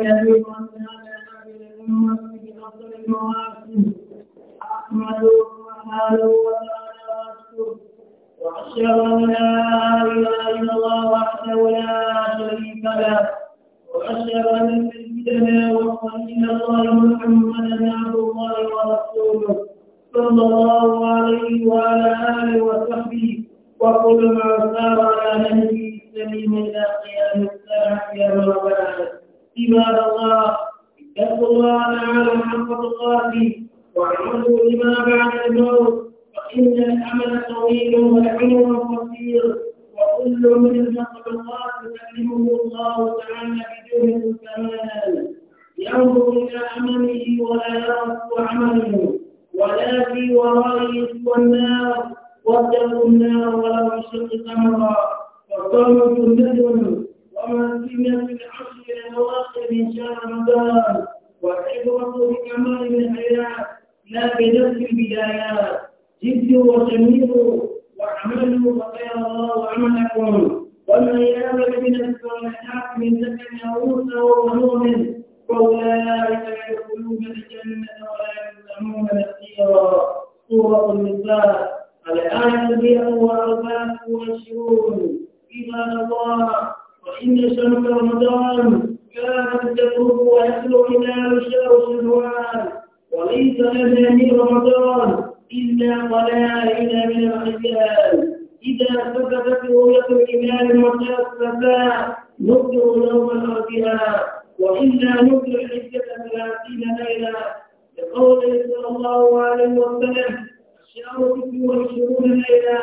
الذي قدمنا لأمة بأفضل المواسم أحمده سبحانه وتعالى وأشكره وأشهد أن لا إله إلا الله وحده لا شريك له إن شهر رمضان كانت تطوف ويخلو إلى الشهر شهوان وليس لنا من رمضان إلا قلائل من الرجال إذا سكتت رؤية الإمام وتأسفا نكر يوم الأربعاء وإلا نكر عدة ثلاثين ليلة لقول صلى الله عليه وسلم الشهر ست وعشرون ليلة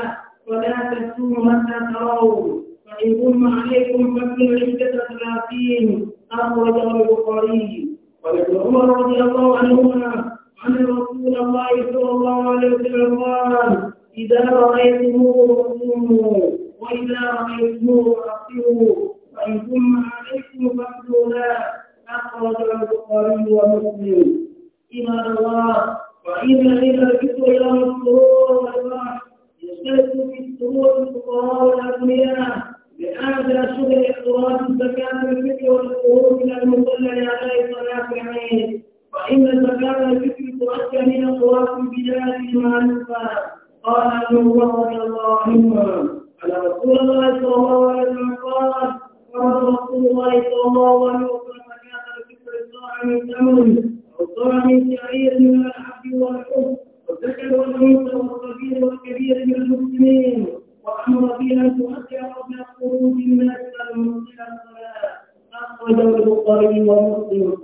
فلا تكتموا حتى ترون فإن عليكم فكن عدة ثلاثين أخرجه البخاري ولكن عمر رضي الله عنهما عن رسول الله صلى الله عليه وسلم قال إذا رأيتموه فصوموا وإذا رأيتموه فأقسموا فإن ثم عليكم فاقتلوا لا أخرجه البخاري ومسلم عباد الله وإن إذا الفكر إلى مسرور والفرح يشترك في السرور الفقراء والأغنياء لهذا شغل اخراج زكاة الفكر والقرود من المصلى لأداء صلاة العين وإن زكاة الفكر تؤكد من أقواس البلاد نفى قال ابن عمر رضي الله عنهما أن رسول الله صلى الله عليه وسلم قال فرض رسول الله صلى الله عليه وسلم زكاة الفكر صاع من تمر أو صاع من شعير من الحب والحب والذكر والأنثى والصغير والكبير من المسلمين وأمر بأن تؤخر قبل خروج الناس إلى الصلاة أخرجه البخاري ومسلم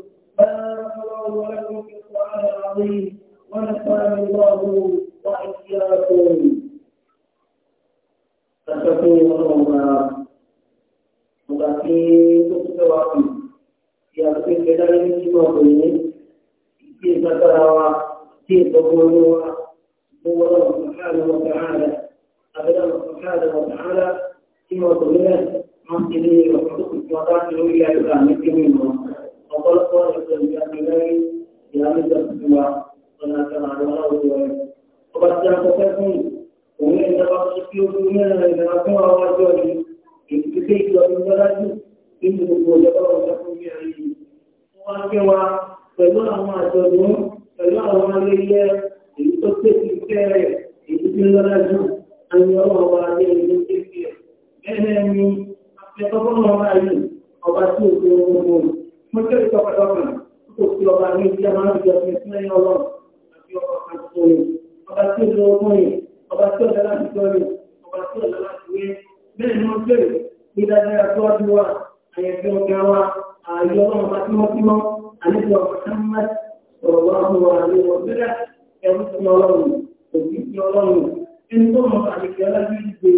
ìjọ ọlọ́run ẹni tó mọ àlejò alágbègbè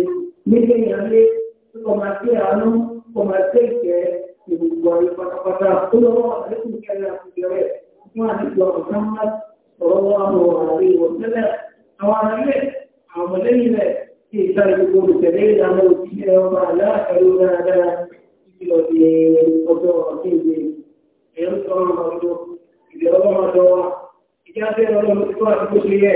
méjì ìyáálé kò máa gbé àánú kò máa gbé ìjẹ ìwòwò ọ̀rẹ́ pátápátá ó lọ́wọ́ àlékún kẹrin àtijọ́ rẹ̀ fún àlejò ọ̀sán máa sọ̀rọ̀ wọn àwọn ọ̀rẹ́ ìwọ̀sẹ́lẹ̀ àwọn ará ilé àwọn ọmọlẹ́yìn rẹ̀ kí ìta ìgbogbo olùtẹ̀lé ìlànà òṣìṣẹ́ ọba aláàkàrí dáadáa títí lọ sí ọjọ́ ọ̀sẹ̀ ìwé ẹ̀rọ sọ̀rọ̀ ọ̀dọ́ ìdẹ̀rọ̀ ọmọdọ́ wa ìjà bẹ́ẹ̀ lọ́dọ́ tó àti bó ṣe yẹ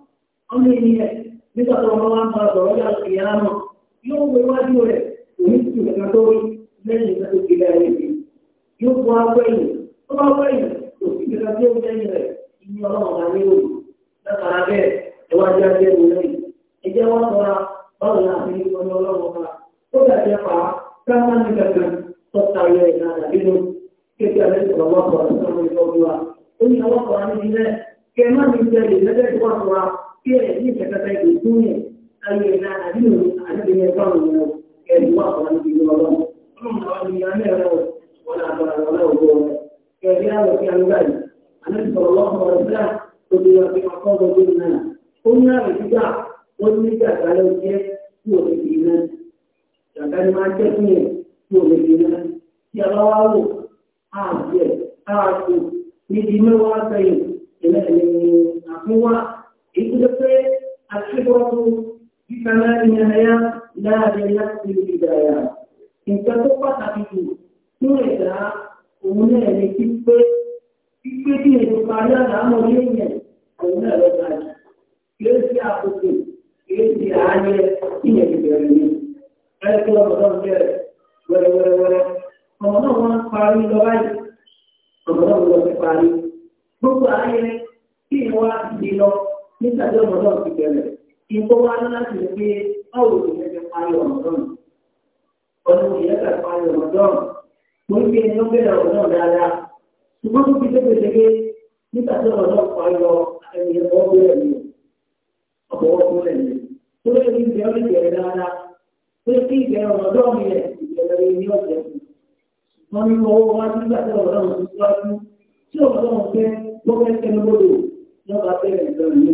ọmọ ènìyàn nígbà tó wọn wá ń bá sọ̀rọ̀ yà ìyá náà yóò wọ iwájú rẹ̀ òní ti ìgbà tó rí lẹ́yìn ìgbà tó fi lẹ́yìn rẹ̀ yóò bọ́ agbẹ́yìn tó bá gbẹ́yìn kò sí ìgbà tó ń lẹ́yìn rẹ̀ ìní ọlọ́run bá nílò látara bẹ́ẹ̀ ẹwájú ajé mi lẹ́yìn ẹjẹ́ wọn sọra báwo la fi ọmọ ọlọ́run ká ó dàjẹ́ pa káwọn ní kankan tọ́ta yẹ ìlànà nínú kékeré alẹ́ sọ̀rọ̀ wọn sọ̀rọ̀ sọ̀rọ̀ ìjọba bí ẹ̀ ní ìfẹ̀kẹta ìlú fún yẹn ayé ẹ̀dá àdínú àdínú ẹ̀fọ́ àwọn ọmọ ẹ̀rù wà fún àwọn ìlú ọlọ́run ọlọ́run àwọn ènìyàn mẹ́rin wọn àgbàrá wọn náà wọ ẹ̀rí àwọn ti àlùbá yìí àlẹ́sọ̀rọ̀ lọ́kọ̀ ọ̀dọ́dá obìnrin àti ọkọ̀ ọ̀dọ́dún náà ó ní àrùn gbígbà ó ní gbàgbà ló jẹ́ kí òun fi iná gbàgbà ni máa jẹ́ fún yẹn kí òun fi iná tí a bá wá wò á jẹ á kú níbi mẹ́wàá sẹ́yìn ìlẹ́ẹ̀lẹ́ àfihàn إذ الخبرة بكمال النهايات لا بنفس البدايات nǹkan tó pàtàkì jù fún ẹ̀dá òun náà ní pípé pípé bí èdè parí àdámọ́ léèyàn òun náà lọ ga jù kìí sí àkókò kìí sí ààyè ìyẹn ti bẹ̀rẹ̀ ní ẹgbẹ́ ọ̀dọ́ bẹ̀rẹ̀ wẹ́rẹ́wẹ́rẹ́wẹ́rẹ́ ọmọ náà wọ́n parí lọ báyìí ọmọ náà wọ́n ti parí gbogbo ààyè kí ìwà ti nígbà tí ọmọ bẹ̀rẹ̀ ìbò wa ní láti rí pé báwo ló yẹ parí ọ̀mọ̀dọ́n ọ̀nà òyìn parí ọ̀mọ̀dọ́n mo ń gbé ẹni ó bẹ̀rẹ̀ ọ̀mọ̀dọ́n dáadáa ṣùgbọ́n tó fi ṣégeṣége nígbà tí ọmọ náà parí ẹni ẹ̀kọ́ mi ọ̀pọ̀ ọkọ mi tó lè rí ìgbẹ́ ọ̀rẹ́ dáadáa tó lè kí ìgbẹ́ ọ̀mọ̀dọ́n mi rẹ̀ ìgbẹ́ ní ọ̀sẹ̀ wọn ní owó wa nígbà tí ọmọdọ́n ti tọ́jú tí ọmọdọ́n fẹ́ gbọ́gbẹ́ tẹnubodò lọ́ba bẹ̀rẹ̀ ìgbẹ́ mi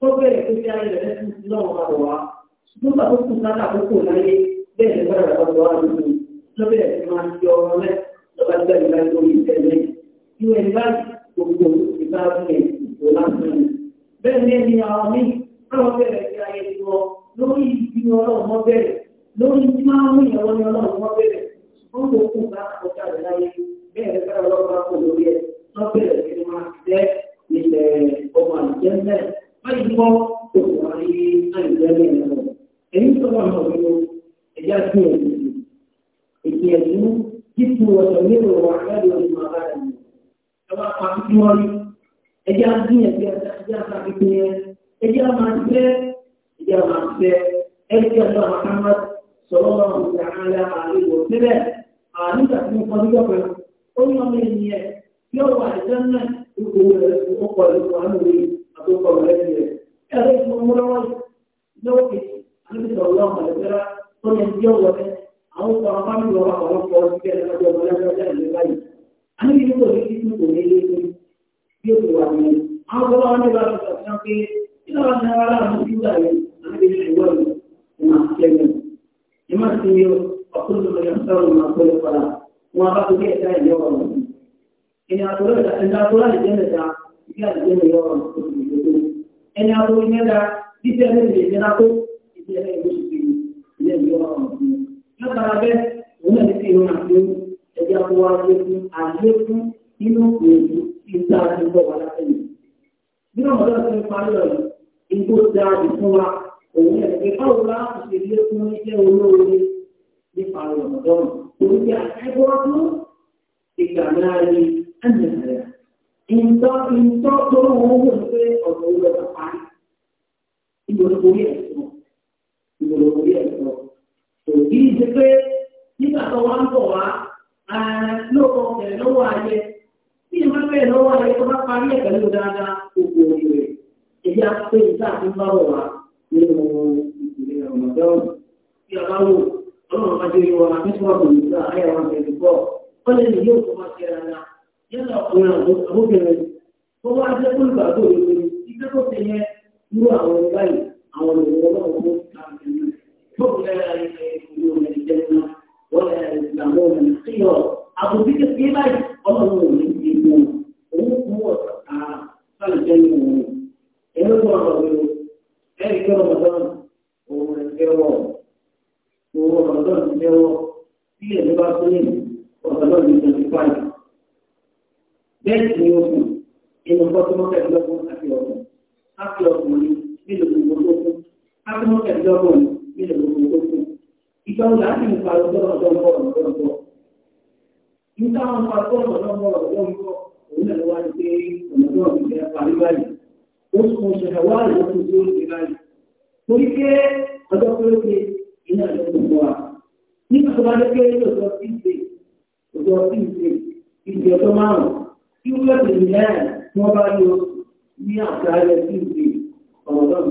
tó bẹ̀rẹ̀ pé bí ayé rẹ̀ lẹ́sìn sí náà wà wá nígbà tó kù sáà àkókò láyé bẹ́ẹ̀ ni bọ́dà bá lọ́wọ́ àdúgbò tó bẹ̀rẹ̀ sí máa ń fi ọmọ rẹ̀ lọ́ba gbẹ́ ìgbà tó ń tẹ̀lé ìwé ìgbà gbogbo ìgbà rẹ̀ ìgbò lásán bẹ́ẹ̀ ni ẹni àwọn míì káwọn bẹ̀rẹ̀ sí ayé ti wọ lórí ibi ọlọ́run mọ́ bẹ̀rẹ̀ lórí tí máa ń mú ìyàwó ni ọlọ́run mọ́ bẹ̀rẹ̀ wọ́n kù sáà àkókò fáyìnbọ òkú àyè àyèlẹ́lẹ́ ẹ̀rọ ẹ̀yìn sọ́wọ́ àwọn ọ̀gbìn ẹ̀yà sí ẹ̀sìn ètò ẹ̀sìn títú ọ̀sán nílò àgbàdo ọ̀gbìn àbára ẹ̀yìn ẹ̀wà pàtó wọn ẹ̀yà sí ẹ̀sìn ẹ̀yà sàkíkì yẹn ẹ̀yà máa fẹ́ ẹ̀yà máa fẹ́ ẹ̀yà sọ àkàmà sọ̀rọ̀ wọn ọ̀gbìn àkàlẹ̀ àríwọ̀ síbẹ̀ àríkà tí mo kọ́ níjọ́ pẹ̀lú ó ní ọmọ ènìyàn yóò wà ìjọ náà 除了你家的家。wò ọlọ́run bá jẹ́ ìwà nítorí wọn nígbà ayé wọn bẹ̀rẹ̀ bọ̀ wọ́n lè ní yóò tó máa ṣe ara náà yálà ọkùnrin àbókẹ́rẹ́ wọ́n wá jẹ́ kó ìgbà tó lè lè iṣẹ́ tó ti yẹ irú àwọn ọmọ báyìí àwọn olùwọ́ ọlọ́run tó ká yóò lẹ́yà ìlú ẹ̀jẹ̀ náà wọ́n lẹ́yà ìgbàgbọ́ ọ̀nà sí ọ̀ àbòbí kékeré báyìí ọlọ́run ò ní ti owó ọ̀dọ́ ti lẹ́wọ́ tí èmi bá tó lè ọ̀dọ́ ti twenty five bẹ́ẹ̀ ni o kù inú fọ́túmọ́kẹ́dọ́gbọ̀n àti ọ̀gbọ̀n àti ni ní nílò gbogbo tó kù fọ́túmọ́kẹ́dọ́gbọ̀n ní nílò gbogbo tó kù ìgbà wo láti ń pa ọjọ́ ọjọ́ ń bọ̀ ọjọ́ ń bọ̀ nígbà wọn pa ọjọ́ ọjọ́ ń bọ̀ ọjọ́ ń bọ̀ òun náà wá ní pé ọjọ́ ìgbà iná ló ń bọ̀ wá. nígbà tó bá dé pé lóòótọ́ sí ìṣe lóòótọ́ sí ìṣe ìṣe ọjọ́ márùn-ún tí wọ́n lọ́ọ̀tì ìlẹ́yìn tí wọ́n bá yọ ní àtàrẹ sí ń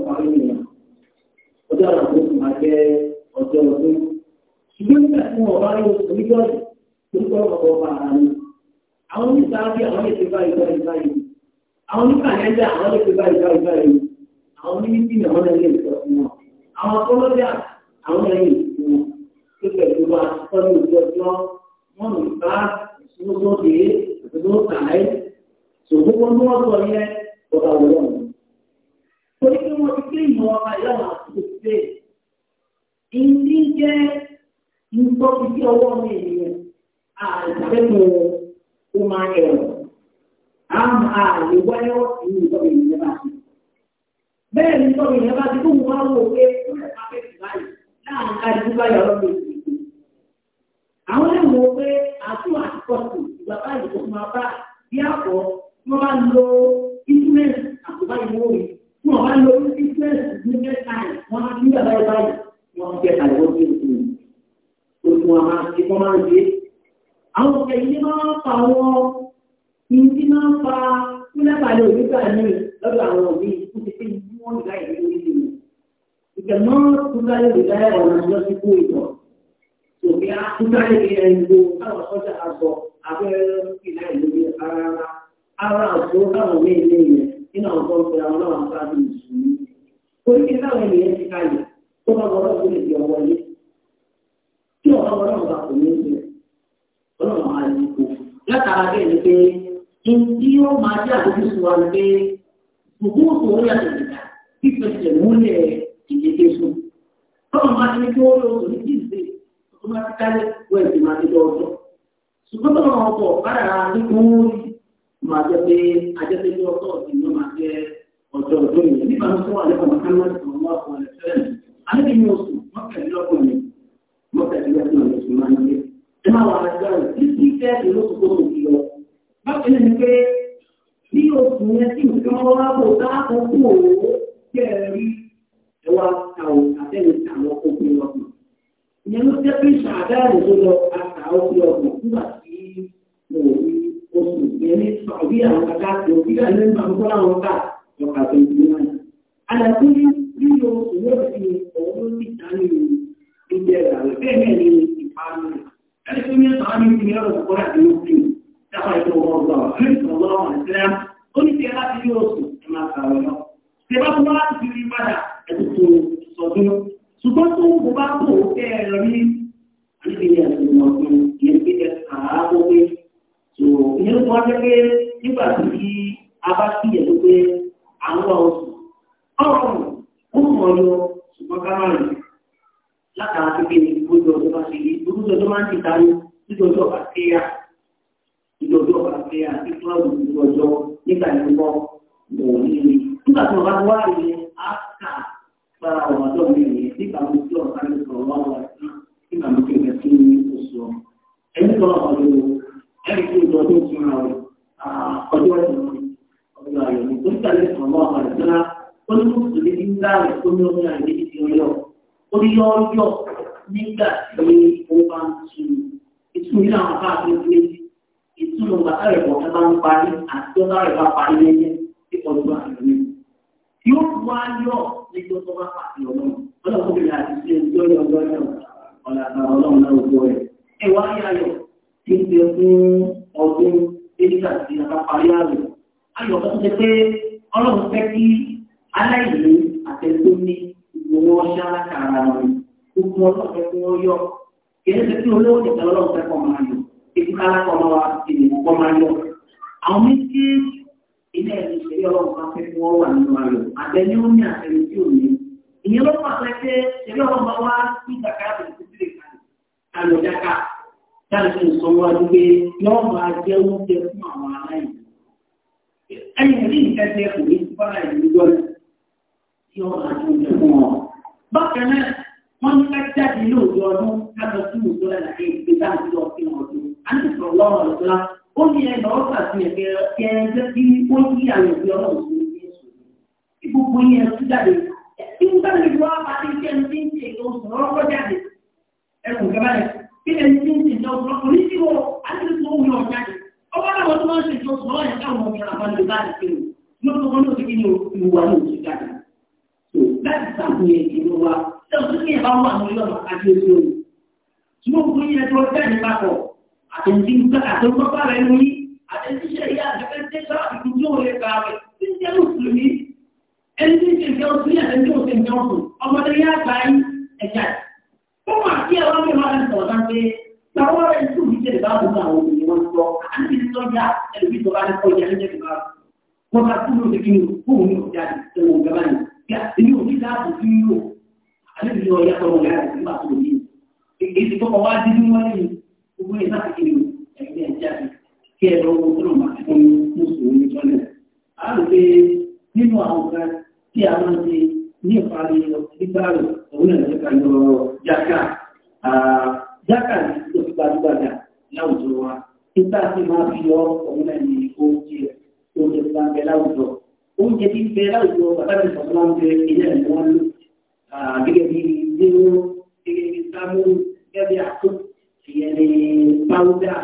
parí nìyẹn. ọjọ́ àlàfo kò máa jẹ́ ọjọ́ ọdún. bá yọ oníjọ́sì tó kọ́ ọ̀pọ̀ bàrà àwọn oníṣàájú àwọn lè fi báyìí báyìí báyìí. àwọn oníkàlẹ́ńdà àwọn lè fi báyìí báyìí báyìí. àwọn mímí àwọn ẹ̀yìn ìkú tó pẹ̀lú wa sọ́nù ìjọjọ́ wọ́n lè bá ìṣúná dé ìṣúná kàáyé ṣòwò wọn ni wọ́n sọ yẹn ọ̀gá wọlé wọn. torí pé wọ́n ti gbé ìmọ̀ ọba yàrá àti òṣèré ìdí jẹ́ nǹkan fi sí ọwọ́ mi nìyẹn àìsàkẹ́kọ̀ọ́ ó máa ẹ̀rọ àmà àìwáyọ̀ ìlú ìjọba ìjọba bẹ́ẹ̀ ni ìjọba ìjọba ti kó wọn wò pé ó lè má fẹ́ báyìí táwọn kájú bá yọrọ lò sí i. Àwọn lè mọ̀ pé àtún àti pọ̀tù ìgbà báyìí tó máa bá bí àpọ̀ tí wọ́n bá lo ìtúmẹ̀sì àkùbá ìwọ rẹ̀ tí wọ́n bá lo ìtúmẹ̀sì ní mẹ́ta wọn á nígbà báyìí báyìí wọn jẹ́ àìwọ́ sí òkú. Oṣù wọn ní Jemaah kembali di daerah orang yang sepuluh itu. Jadi kembali di Indo, kalau saja asal, apa kita Indo arah arah asal kalau ini ini, ini asal kalau orang asal di sini. Kalau kita ini sekali, kalau orang boleh ìdí kéṣù. Báwo máa ti ní kí wọ́n lọ sọ ní jíìsì tó máa ti kálẹ̀ wọ́n ti máa ti lọ ọjọ́. Ṣùgbọ́n báwọn ọkọ̀ kára ní kó wọ́n rí máa jẹ pé ajẹ́pẹ́ ní ọjọ́ ọ̀sìn ló máa jẹ ọjọ́ ọjọ́ ìyẹn. Nígbà tó wà lẹ́kọ̀ọ́ Mọ̀kánlá ti sọ̀rọ̀ wá fún ẹ̀ fẹ́rẹ̀. Alẹ́ ní oṣù mọ́kànlélọ́kùnrin mọ́kànlélọ́kùnrin oṣù máa ń gbé. Ẹ máa wà á gbà rẹ̀ títí fẹ́ ìlóṣù tó mọ̀ sí lọ. Bákan náà ni pé bí oṣù yẹn tí nǹkan wá bò dáàbò kú ẹ wá ta o àtẹ̀lé ta lọ kó pé ọgbọ̀n. ìyẹn ló jẹ́ pé ṣàdáàlì tó lọ àtà ó pé ọgbọ̀n nígbà tí mo ò rí oṣù yẹn ní sàbí àwọn kàkà tó bí àwọn ẹni máa ń kọ́ láwọn ká ọkà tó ti wá. àlàkù ní lílo oṣù yóò fi òun ló ti ta ní ìjẹ ìràwẹ̀ bẹ́ẹ̀ náà ní ìpanu rẹ̀. ẹni tó ní ẹ̀sán á ní ìpínlẹ̀ ọ̀sán kọ́ra àti ó ti tí wọ́n tún wá ti rí padà ẹ̀sùn tó sọ̀tún ṣùgbọ́n tó ń bá kò kẹ́ ẹ rí àdébìyẹ àti ọ̀gbìn yẹn ti ẹ̀ sàárò pé tó ìyẹn tó wá jẹ́ pé nígbà tí a bá sí ẹ̀ pé àwọn ọ̀sùn ọ̀rọ̀ ó mọ̀ yọ ṣùgbọ́n ká má rìn látara pé kí ni gbogbo ọjọ́ bá ṣe rí gbogbo ọjọ́ máa ń ti darí gbogbo ọjọ́ bá ṣe yá gbogbo ọjọ́ bá ṣe yá kí nígbà tí wọ́n bá ń parí àti ọ̀tá rẹ̀ parí lẹ́yìn ìkọlù bá a yóò wá yọ níjọ́ tó bá pàṣẹ ọlọ́run ọlọ́run bí láti ṣe ìjọ yọ ọjọ́ yọ ọ̀là àtàwọn ọlọ́run náà gbọ́ ẹ̀. ẹ wá yàyọ̀ tí ń bẹ fún ọdún nígbà tí a bá parí àrùn ayọ̀ tó ṣe pé ọlọ́run fẹ́ kí aláìní àtẹ̀tọ́ ní gbogbo wọn ṣáláka ara wọn gbogbo ọlọ́run fẹ́ kí wọ́n yọ kìí ṣe kí olówó ọlọ́run fẹ́ kọ́ máa yọ ètùkálá ilé ẹni ìṣẹ̀lẹ̀ ọlọ́run bá fẹ́ fún ọ wà nínú ayọ̀ àtẹni ó ní àtẹni tí ò ní ìyẹn ló pàṣẹ pé ìṣẹ̀lẹ̀ ọlọ́run bá wá sí ìgbàkà àbẹ̀tí sílẹ̀ kalẹ̀ alòdáka táà ṣe ń sọ wá wípé yọọ máa jẹ oúnjẹ fún àwọn aláìní ẹ̀yìn ní nǹkan jẹ kò ní fara ìlú lọ́nà tí wọ́n máa tún jẹ fún wọn. bákan náà wọ́n ní ká jáde lóòjọ́ ọdún ká lọ sí òjò ẹ̀là ó ní ẹgbà ó pàṣẹ ẹgbẹ ẹgbẹ tí ó yí àwọn ìgbé ọlọ́run ní Jésù tí gbogbo yẹn tún jáde tí mo bá lè wá pàṣẹ iṣẹ́ ní ṣe ètò oṣù lọ́wọ́ jáde ẹkùn kẹfà rẹ kí lè ti ṣe ìjọ oṣù lọ́wọ́ ní tíwọ́ àti jáde ọba náà wọ́n tún máa ń ṣe ìjọ oṣù lọ́wọ́ káwọn ọmọ yẹn àwọn ìgbà rẹ̀ kéwò lóṣù kan lóṣù kí ni ìwà ní oṣù jáde tó àtẹ̀jí àtẹ̀gbọ́pá rẹ̀ ní àtẹ̀jíṣẹ́ ìyá àtẹ̀kẹ́tẹ́sọ́ ìdíjú òye kààwẹ̀ tí ń jẹ́ mùsùlùmí ẹni tí ń ṣe ìjọ sí àtẹ̀jí òṣè ìjọ ọ̀sùn ọmọdé yá àgbà yìí ẹ̀jà fún àti ẹ̀wá mi máa ń sọ̀rọ̀ náà pé táwọn rẹ̀ tún fi ṣe ìbá àbúkọ àwọn obìnrin wọn sọ àti ìtọ́jà ẹlòmí tó bá ní kọjá ní jẹ́kìbá wọn bá kúrò ní kí ni fóun ní ọjà ìṣẹ̀lẹ̀ ìjọba ni èmi ò ní dáàbò sí yíyó àlejò gbogbo ẹ̀ náà kí ni ẹgbẹ́ ẹ̀ jáde kí ẹ lọ wo tó máa fún mùsùlùmí tọ́lẹ̀. a rò pé nínú àwọn kan tí a máa ṣe ní ìparí ìgbàlù òun náà lè ka yọ jáká jáká ní tó fi gbajúgbajà láwùjọ wa nígbà tí máa fi yọ òun náà ní oúnjẹ oúnjẹ tó bá ń bẹ láwùjọ oúnjẹ tí ń bẹ láwùjọ bàbá mi sọ̀rọ̀ máa ń bẹ ilé ẹ̀ wọ́n lò gẹ́gẹ́ bí léwó gẹ́gẹ́ bí sámúlù láwùjá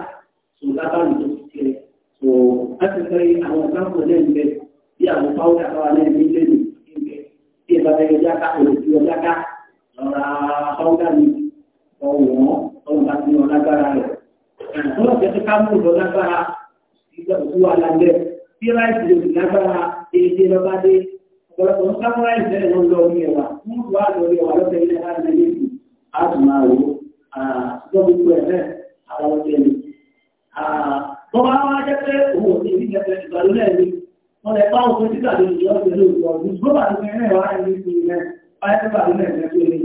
tó lábàrù tó ti tó láti fẹ́ àwọn káfọ́ lẹ́nu bẹ́ẹ̀ bí àwọn fáwọ́dà káwa lẹ́nu ní lẹ́nu bí ẹ bá fẹ́ yọjá ká òròjú ọjá ká lọ́ra fáwọ́dà mi ọ̀wọ́n ọ̀run bá ti yan lágbára rẹ̀. Ìtọ́lọ̀ jẹ́ pé ká mú lọ lágbára ìgbàgbọ́ wa lábẹ́ bí láìsí lè lágbára èdè lọ́ba dé ọ̀pọ̀lọpọ̀ ń sáfúrá àtàlọ́jẹ́ ni. Tó bá wá jẹ́ pé òun ò ní bí kẹfẹ́ ìgbàlódé ni, wọ́n lè bá òun títà lórí ọ̀gbẹ́ lórí ọ̀gbẹ́. Gbọ́dọ̀ àti mẹ́rin wá ní ìpínlẹ̀ Báyọ̀ bá lórí ẹ̀jẹ̀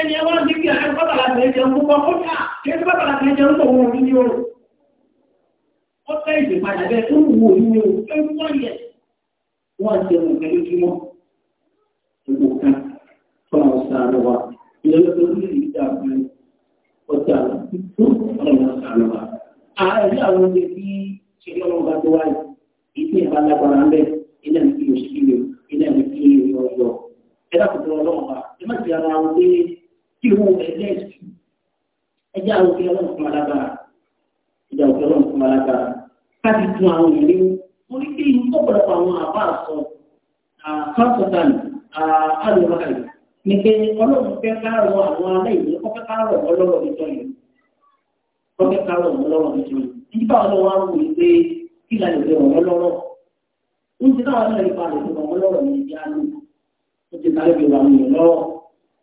ẹni ẹwà ń dígbì àti bàtàlà tẹ̀lẹ́jẹ̀ ń púpọ̀ ó dà kí ẹni bàtàlà tẹ̀lẹ́jẹ̀ ń tọ̀wọ́ orí ní oòrùn ó tẹ́ ìdè padà bẹ́ẹ̀ tó wù orí ní oòrùn tó ń wọ́n yẹ wọ́n ti ẹ̀wọ̀n pẹ̀lú jùmọ́ gbogbo kan fún àwọn sàánú wa ilẹ̀ ló lórí ìdá àbúrú ọjà ọlọ́run sàánú wa ààrẹ àwọn oúnjẹ tí ṣẹlẹ̀ ọlọ́run bá tó wáyé ìpín ìbálágbára ń bẹ ilẹ̀ ní kí oṣù kí kí owó ẹgbẹ́ ìsìn ẹjẹ́ àwọn òkè ọlọ́run fún alágbára ẹjẹ́ òkè ọlọ́run fún alágbára káàdì tún àwọn ìlú mo ní kí inú ọ̀pọ̀lọpọ̀ àwọn àbá àsọ àkọ́sọ̀tàn àlùmọ́kàlì ní pé ọlọ́run fẹ́ káàrọ̀ àwọn aláìní ọ̀fẹ́ káàrọ̀ ọlọ́rọ̀ ìjọyọ̀ ọ̀fẹ́ káàrọ̀ ọlọ́rọ̀ ìjọyọ̀ nígbà ọlọ́run á wù ní pé kí lálẹ́ òde ọ̀rọ̀ lọ́rọ̀ ń ti táwọn ọlọ́run ìpalẹ̀ òde ọ̀rọ̀ lọ́rọ̀ ní ìdí àlù ó ti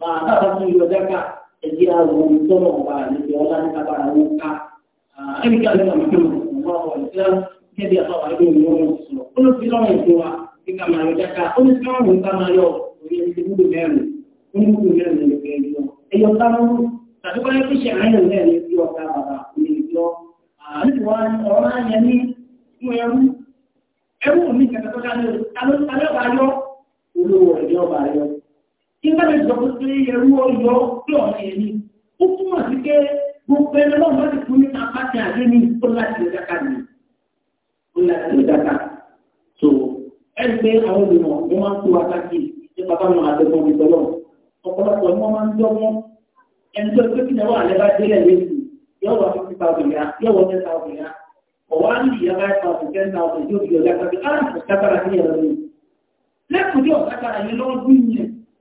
máa bá àwọn ìlú ọjà ká ẹjẹ àwọn olùtọ́nà ọba àlejò ọlá ní kápá àwọn ká ẹnìkan ní ọmọ ìlú ọmọ ọmọ ìlú kẹbi àtàwọn àlejò ìlú ọmọ ìsọ̀rọ̀ ó ló fi lọ́wọ́ ìlú kí ká máa yọ ká ó ní ká wọn ká máa yọ òye ti múlò mẹ́rin fún ẹrú ẹrú mi kẹ̀kẹ́ tó dá lórí alẹ́ ọba yọ olówó ọ̀rẹ́ ọba yọ ìgbẹ́lẹ̀ ìjọba pé ẹrú ọyọ pé ọ̀rẹ́ ẹni ó túmọ̀ sí pé gbogbo ẹni lọ́wọ́ ti fún ní apáti àdé ní ó láti lè dáka ní ó láti lè dáka tó ẹni pé àwọn olùmọ̀ ni wọ́n tó wa káàkiri ní bàbá mi àti ọmọ mi tọ́lọ̀ ọ̀pọ̀lọpọ̀ ni ni wọ́n àlẹ́ bá délẹ̀ lẹ́sù yóò wá fifty thousand ya yóò wọ ten thousand ya ọ̀wá ní ìyá bá thousand lẹ́kùn tí ọ̀gá kára yẹn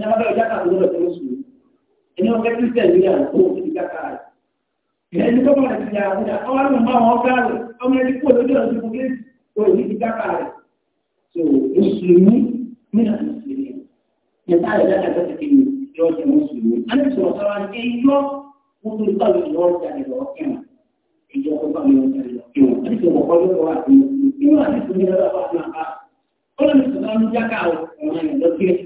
ẹni wọn bẹ̀rẹ̀ jákàtà lọ́dọ̀ tó lóṣù ẹni wọn bẹ kírísítẹ̀ lórí àlùkò òkìtì kákà rẹ̀ ẹni tó bọ̀rẹ̀ sí àwọn ọjà ọwọ́ àlùmọ́ bá wọn ká rẹ̀ ọmọ ẹni kú lójú ọ̀sẹ̀ fún kírísì òkìtì kákà rẹ̀ so mùsùlùmí mìíràn mùsùlùmí yẹn tá àlẹ́ jákàtà ti kéwì yọ ọjà mùsùlùmí alẹ́ sọ̀rọ̀ sọ́wọ́ ni ẹ yọ wọ́n tó bá mi lọ ọjà ìlọ ọ̀kẹ́wọ̀n ìjọ tó bá mi lọ ọjà ìlọ ọ̀kẹ́wọ̀n alẹ́ sọ̀rọ̀ kọ́ ló wà fún mi inú àti ìfúnni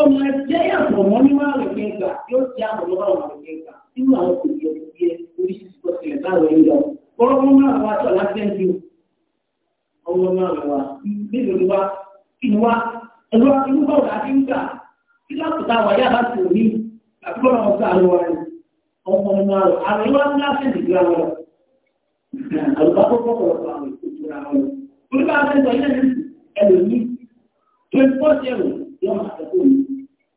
ọmọ ẹgbẹ́ yàtọ̀ mọ́ níwá rẹ̀ gbà yóò ti àmọ̀ lọ́wọ́ àwọn rẹ̀ gbà nínú àwọn kò yẹ kó yẹ oríṣiríṣi tó tilẹ̀ báwọn ẹ̀ lọ. Bọ́lọ́mọ́ máa wá sọ láti ẹ̀ ju ọmọ máa rẹ̀ wá nílò ní wá kí ni wá ẹ̀rọ inú bá wà láti ń gbà kí lákòótá wà yá bá ti rí àti bọ́lá wọn gbà lọ́wọ́ rẹ̀ ọmọ máa rẹ̀ àrẹ wá ní láti ìdílé wọn lọ. Àlùbá tó bọ̀ wọ̀ lọ àwọn ètò ìtura wọn lọ. Oníbàárẹ̀ sọ ilé ẹ̀rọ ní twenty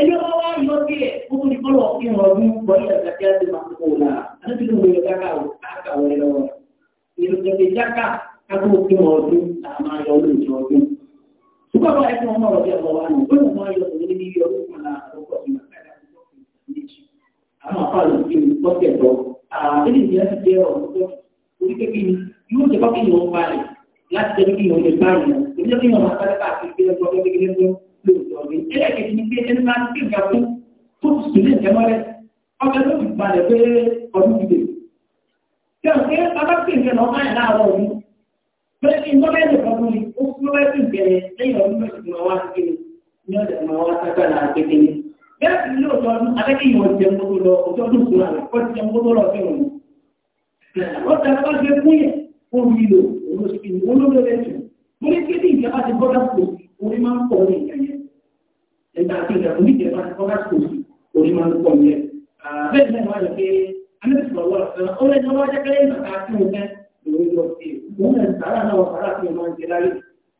ẹni ọba wa yọ sí ẹ̀ fún mi kọ́lọ̀ kí wọ́n rú wọlé ẹ̀ka tí a ti máa kó la àti tí mo yọ jáká o káàkà wọlé lọ́wọ́ ìrùkẹ̀kẹ̀ jáká kákó kí wọ́n rú là máa yọ lórí ìjọ ọdún. Súpà bá ẹ̀kọ́ ọmọ ọ̀rọ̀ bí ọmọ wa nù pé mo máa yọ òun níbi iye ọdún kan náà àkókò ìgbà káàkà tó kọ̀ méjì. Àwọn àfáàlù ti ń pọ́kẹ̀ lọ. Àbẹ̀lẹ̀ ìdí láti jẹ́ ọ̀rọ̀ tó orí kékeré yóò jẹ́ pọ́kẹ̀ yìí wọ́n balẹ̀ láti jẹ́ pé kí wọ́n lè bá rẹ̀. Èmi jẹ́ pé máa sáré káàkiri kí wọ́n gbọ́ pé lóòótọ́ ni ẹlẹ́kẹ̀ẹ́ ni pé ẹni máa ń gbé ìgbà fún tó ti sùn ní ìjẹmọ́lẹ̀ ọjọ́ ló ti balẹ̀ pé ọdún ti dè. kí ọ̀sẹ̀ pé bàbá pè ń gbẹ̀nà ọmọ yẹn láàárọ̀ ọdún bẹ́ẹ̀ ni ìjọba ẹ̀jẹ̀ kan fún mi ó fún lọ́wọ́ ẹ̀sìn bẹ̀rẹ̀ lẹ́yìn ọdún mẹ́sì máa wá sí kéde ní ọ̀sẹ̀ máa wá ságbára kékeré bẹ́ẹ̀ sì ni lóòótọ́ ọdún abẹ́kẹ́yìn ọ̀jẹ̀ mọ́tò lọ ọjọ́ ọdún tó rà lọ́kọ́ ti jẹ mọ́tò lọ sí òun. ọ̀sẹ̀ orí máa ń pọ̀ ní ìjẹyẹ nígbà tí ìjàpọ̀ ní ìjẹ̀bá ti kọ́kà kò sí orí máa ń pọ̀ ní ẹ̀. bẹ́ẹ̀ náà wà lókè amẹ́sìkò ọwọ́ ọ̀sán ó lẹ́nu ọwọ́ ajẹ́kẹ́lẹ́ ìgbàgbà tí mo fẹ́ lórí lọ sí i. mo ń sàrà náà wọ̀ sàrà tí mo máa ń jẹ láyé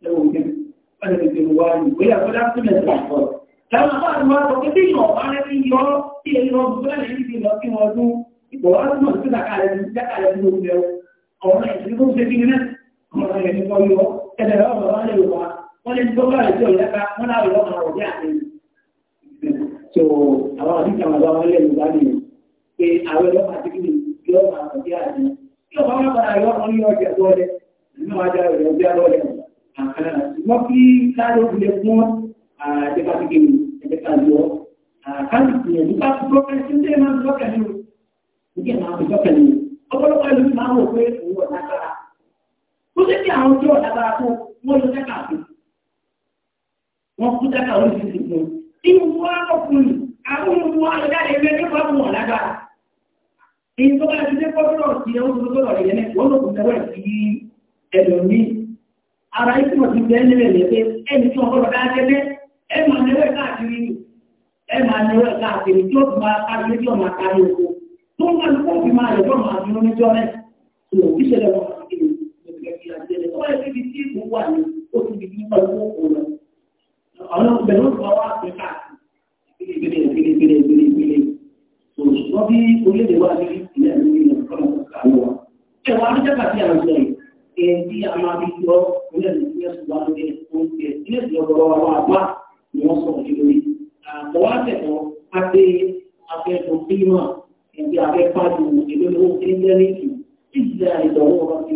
ẹ̀wọ̀n mi. wọ́n ti tètè wá ìgbéyà fọ́lá sílẹ̀ sọ̀rọ̀. làwọn àbá àti wọn sọ pé bí ìyọ̀ bá rẹ́ ti yọ sí èyí lọ bó lẹ́nu yìí ti lọ sí wọn ọdún ipò wá túmọ̀ sí ìdàkàlẹ̀ ní ìdàkàlẹ̀ ní oṣù ẹ̀wọ̀ ọ̀rọ̀ ẹ̀sìn tó ń ṣe kí ni náà ọmọ ẹ̀sìn tó ń yọ ẹ̀dẹ̀ ọ̀rọ̀ wá lè wà wọ́n lè gbọ́ bá ìjọ ìlẹ́ka wọ́n láwọn ọmọ òjì àti so àwọn àdìsí àwọn àbá wọn lẹ́nu gbá nìyẹn pé àwọn ẹlọ́mọ àti kí ni kí ọmọ àwọn òjì àti kí ọmọ wọn padà yọ ọmọ ní ọjà tó ọdẹ nínú ajá rẹ̀ ọjà lọ́dẹ àkàrà wọ́n kí láàrín òkúlẹ̀ fún àdẹ́ka ti kí ni ẹ̀dẹ́ka lọ àkáǹtì yẹn nípa gbọ́kẹ́ sí ilé máa ń gbọ́kẹ́ ní o nígbà máa ń gbọ́kẹ́ ní o ọ̀pọ̀lọpọ̀ ẹlòmí máa ń wò pé òun ọ̀dà kára ó sì ti àwọn tí ọ̀dà kára fún wọn lọ sẹ́kà fún wọ́n kú dáka oríṣiríṣi fún un. Inú wa ọkùnrin àwọn ohun wa lọ jáde ẹgbẹ́ nípa mú wọn lágbára. Èyí tó bá ti dé kọ́tọ́rọ̀ sí ẹ̀wọ́n tó tọ́rọ̀ rẹ̀ yẹn wọ́n lọ kò tẹ́wọ́ sí ẹlòmí. Ara ikú mọ̀ ti bẹ́ẹ̀ nílẹ̀ lẹ́ pé ẹni tí wọ́n gbọ́dọ̀ dá tẹ́lẹ̀ ẹ máa nẹwẹ́ káàkiri ẹ máa nẹwẹ́ káàkiri tí ó fi máa kárí tí ó máa kárí oko. Tó ń bá lóko fi máa lọ́jọ́ máa dúró níjọ́ rẹ̀. Ìwọ̀n ìṣẹ̀lẹ̀ wọn kò kí ni ìgbẹ̀gbẹ̀ kí ọlọ́run bẹ̀rù ọ̀pọ̀ wá pé káàkiri ìpínlẹ̀ ìpínlẹ̀ ìpínlẹ̀ ìpínlẹ̀ ìpínlẹ̀ òṣùwọ́n bí orílẹ̀-èdè wa ní ìpínlẹ̀ ìpínlẹ̀ ọ̀pọ̀lọpọ̀ kàánú wa. ẹ wà ní jẹ́ka tí a ń sọ yìí ẹ̀ tí a máa fi yọ orílẹ̀-èdè ìpínlẹ̀ ṣùgbọ́n lórí oúnjẹ ilé ìjọba wa wà wá ni wọ́n sọ̀rọ̀ ní lórí. àtọwọ́ àtẹ̀kọ́ adé afẹ́fọ́ fíìmà ẹ̀dí afẹ́fàdù ìlólówó kíndẹ́rìkì ìjà ìdánwò ọ̀rọ̀ fi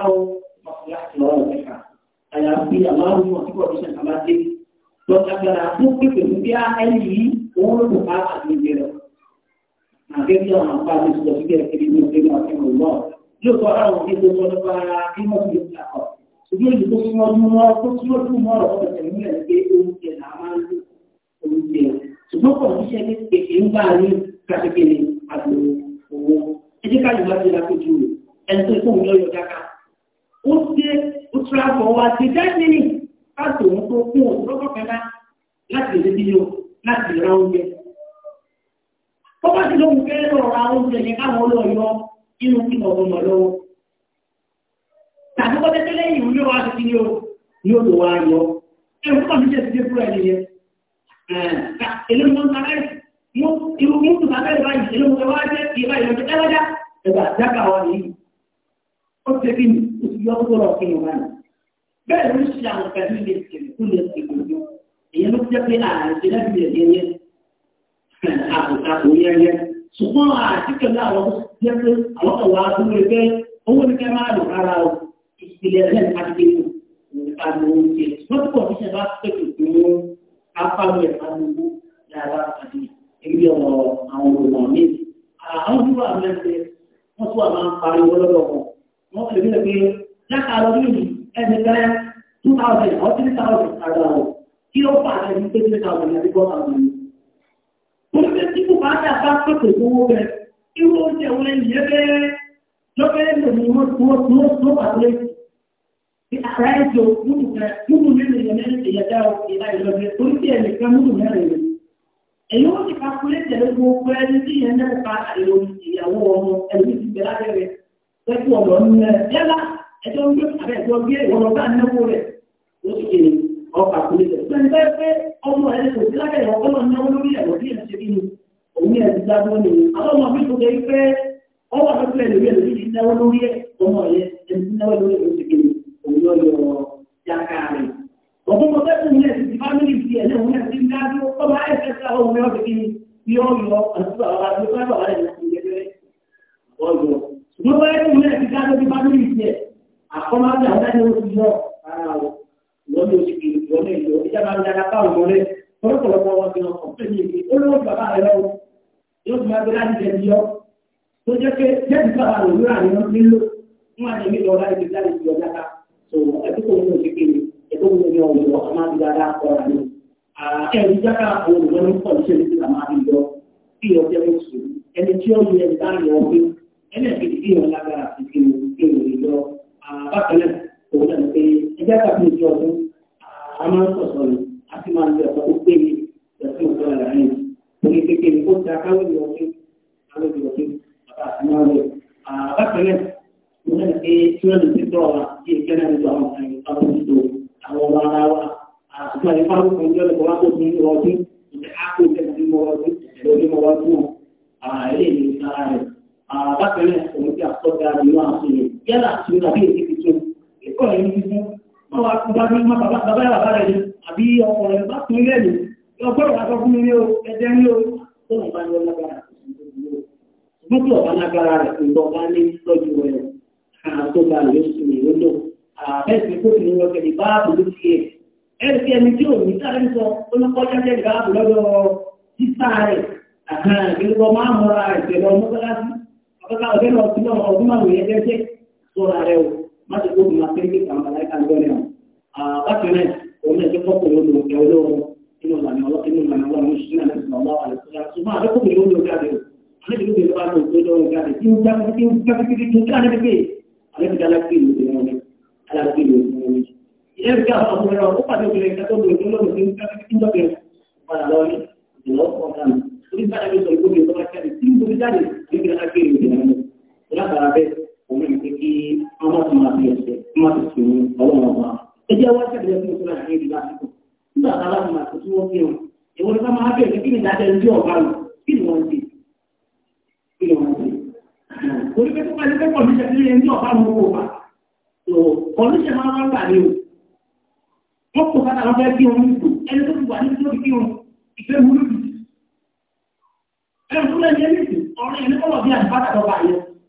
áwọ̀ ọ̀fẹ́ àti ọ̀rọ̀ ìfẹ́ka. àyàfi àmọ́ àwọn ọmọ tí kò don agbára fún pípé ní bí a ẹni yìí òun ló kò bá àgbègbè rẹ̀. Àgbẹ̀bí àwọn àpá mi sọ sí bẹ́ẹ̀ kiri ní ọ̀gbẹ́ni ọ̀sẹ̀ mi lọ. Lóòótọ́ àwọn òbí tó sọ nípa ara bí wọ́n ti lè ta ọ̀. Ṣùgbọ́n èyí tó súnmọ́ ọdún wọn tó súnmọ́ ọdún wọn rọ̀ ọ̀dọ̀ tẹ̀lé nílẹ̀ pé oúnjẹ là máa ń lò oúnjẹ. Ṣùgbọ́n pọ̀ níṣẹ́ ní kékeré ń bá ní kàkékeré àgbò owó. Ẹ jẹ́ káyọ̀ wá sí lápẹ́jù rẹ̀. Ẹni tó kóhun lọ́yọ̀ dáká. Ó dé ó tún káàtì òun tó kún òun lọ́gbọ́n kẹta láti lè bí yóò láti ra oúnjẹ. Tó bá ti lóhun kẹ́lẹ́ lọ ra oúnjẹ yẹn káwọn olóòyọ inú kí wọ́n bọ̀ lọ́wọ́. Tàbí kọ́tẹ́ tẹ́lẹ̀ yìí ló wá sí ní o ní odò wa yọ. Ẹ̀rù kọ́ mi jẹ́ ti fúra ẹni yẹn. Ẹlẹ́mu ń tàbí mú irú mú tù tàbí báyìí ẹlẹ́mu wá jẹ́ ìbá ìlọ́jọ́ ẹlọ́jà ẹ̀gbà dákà wa yìí. Ó ti ṣe kí ni oṣù yọ bẹ́ẹ̀ ló ń ṣe àwọn pẹ̀lú ilé ìkẹ̀lẹ̀ tó lè ṣe gbòógbò èyí ló jẹ́ pé àìsí lẹ́bi ẹ̀yẹyẹ àbùkù yẹyẹ ṣùgbọ́n àtìkẹ́ náà wọ́n jẹ́ pé àwọn ọ̀wà àbúrò ẹgbẹ́ owó ní kẹ́ máa lò rárá o ìpìlẹ̀ ẹ̀rẹ́ ní adìgbé ní òǹkà ní oúnjẹ wọ́n ti pọ̀ fíṣẹ̀ bá pèsè fún afárò ẹ̀ka gbogbo yàrá àti ẹgbẹ́ àwọn olùmọ̀ àwọn olùwà ẹnìkan two thousand or three thousand àgbà ọ̀ kí ó fà á ní pé three thousand àbí four thousand ni. Olùgbé tí kò bá dà bá pèsè owó rẹ̀, irú oúnjẹ wo lè yẹ bẹ́ẹ̀ lọ́bẹ̀ẹ́ lò ní wọ́n tó tó tó pàdé. Ààrẹ ìjọ múlù rẹ̀ múlù mẹ́rin yẹn mẹ́rin ìyẹ̀dá ìlà ìlọ́gbẹ̀ torí tí ẹnìkan múlù mẹ́rin rẹ̀. Èyí wọ́n ti kakúlé tẹ̀lé gbogbo ẹni tí yẹn náà pa àìlò ìyàwó ọmọ ẹ̀lú ìgbẹ́lábẹ́rẹ́ pẹ́kú ọ̀dọ́ ń ẹjọ́ ń gbé abẹ́ ẹjọ́ gbé ìwọ̀n bá náwó rẹ̀ ó sì kiri ọkọ̀ àkúlé rẹ̀. Sọ́ni bẹ́ẹ̀ pé ọmọ ẹ̀ kò sí lábẹ́ ìwọ̀n kọ́lọ̀ náwó lórí ẹ̀rọ bí ẹ̀ṣẹ̀ bí ni òun ẹ̀ ti dágbó ni. Àwọn ọmọ mi kò lè pé ọwọ́ àbẹ́fẹ́ lórí ẹ̀rọ bí náwó lórí ẹ̀ ọmọ ẹ̀ ẹ̀ ti náwó lórí ẹ̀rọ sì kiri òun yọ yọ jáká rẹ̀. Ọ̀pọ̀ mọ̀ bẹ́ẹ̀ fún ẹ̀ ti fámìlì ti ẹ̀ lẹ́wọ̀n ẹ̀ ti ń dájú ọba ẹ̀ fẹ́ sá ọmọ ẹ̀ ọ̀dẹ̀ kí ni yọ yọ àtúbà ọba àti ọba ẹ̀ ti ń dájú ọ̀yọ̀. Ṣùgbọ́n bẹ́ẹ̀ fún ẹ̀ ti dájú ọba fámìlì ti ẹ̀ àkọ́mọ́tà lẹ́nu oṣù lọ ara o wọ́n ní oṣù kìí wọ́n ní ìlú ìjọba ń dára káwọn wọlé lọ́pọ̀lọpọ̀ wọn fi hàn kọ̀ọ̀pẹ́ ní ìlú olówó bàbá rẹ lọ́wọ́ yóò fi máa gbé láti jẹ ní ọ tó jẹ́ pé jẹ́bi bàbá rẹ òwúrọ̀ àná nílò fún àti èmi lọ́ọ́ láti gbé láti jọ dáta tó ẹ̀dúkò ní oṣù kìí ẹ̀dúkò ní ọ̀wọ̀ lọ ọmọ àti dáadáa kọ́ ọ̀rọ̀ àná ẹ̀rí jáká àwọn olùwọ́n ní pọ̀ níṣẹ́ nípa máa bákan náà òun náà pé ẹjẹ́ kàfin ìjọ ọdún àmọ́ sọ̀sọ̀ ni a ti máa ń lọ ọ̀pọ̀ pé ní ẹ̀sìn ọ̀dọ́ ara rẹ̀ orí kéke ní kó da káwé ní ọdún káwé ní ọdún bàbá àti máa rẹ̀ bákan náà òun náà pé tí wọ́n lè ti tọ́ ọ̀la kí ẹgbẹ́ náà nílò àwọn ọ̀sán ìgbà tó ti tó àwọn ọmọ ara wa àtúntò àyíká ló kàn jọ́ lọ́kọ̀ wá tó ti ní ọdún ìjẹ́ àpò ìjẹ́ mọ́ ọdún lórí mọ́ ọdún ààrẹ ìlú sára rẹ̀ bákan náà òun ti àtọ́jà ìlú àṣeyẹ yálà tí ó dàbí èdè pọ̀ lórí fífún wọ́n wá ti bá mímọ́ bàbá yàrá rẹ̀ ni àbí ọkọ̀ rẹ̀ bá tún ilé yìí ọgbọ́n wà sọ fún mi ní o ẹ̀jẹ̀ ní o tó ń bá ní ọlágbára ṣùgbọ́n tí ọ̀bá lágbára rẹ̀ kò lọ bá ní lọ́jú rẹ̀ tó bá lè sùn ní ìwé náà àbẹ́sẹ̀ tó fi ní wọ́n kẹ́lẹ̀ bá àbúrò sí ẹ̀ ẹ̀rì sí ẹni tí ò ní sáré ń sọ olùkọ́jà jẹ́ ìgbà àbúrò lọ́dọ̀ títà rẹ̀ àgbẹ̀rọ máa mọ́ra rẹ̀ pẹ̀lú ọmọ má ti kó ìmọ̀ pé kíkà màláìka ń gbọ́nà bákan náà òun náà ti kọ́kọ́ ìlú ló kẹ́ olóòrùn inú ìlànà ọlọ́run inú ìlànà ọlọ́run ṣí náà lẹ́sìn ọlọ́ àlùkùnrin ṣùgbọ́n àdókòwò ìlú ló jáde àdókòwò ìlú bá lóun tó lóun jáde tí ń jáde tí ń jáde tí ń jáde tí ń jáde tí ń jáde alágbèrè òfin omi. Ìyẹn bí àwọn ọmọ ẹ̀rọ ó pàdé obìnrin kan tó bèrè tó lọ́dún sí ká fi kíjọ́ bẹ̀rẹ̀ padà lọ ní ìlọ́ ọ̀gá mi. Orí sáà mi sọ ìgbóni ìjọba jáde tí ń gbóni jáde níbi alágbèrè òfin omi. Ìlàbàrà bẹ́ẹ̀ òun ní kí ọmọ tó máa fi ẹsẹ̀ kí wọ́n ti sùn ọlọ́run ọba. ẹ jẹ́ wá sẹ́dẹ̀ẹ́ fún ìṣúná àárín ìlú lásìkò nígbà tá a láti máa tó tí wọ́n fi hàn ìwọ ni ká máa bẹ̀rẹ̀ kí ni ìdájọ́ ẹni tí ọ̀gá rẹ̀ kí ni wọ́n ti kí ni wọ́n ti. torí pé tó bá ní pé kọ̀ọ̀dúnṣẹ́ ti rí ẹni tí ọ̀gá rẹ̀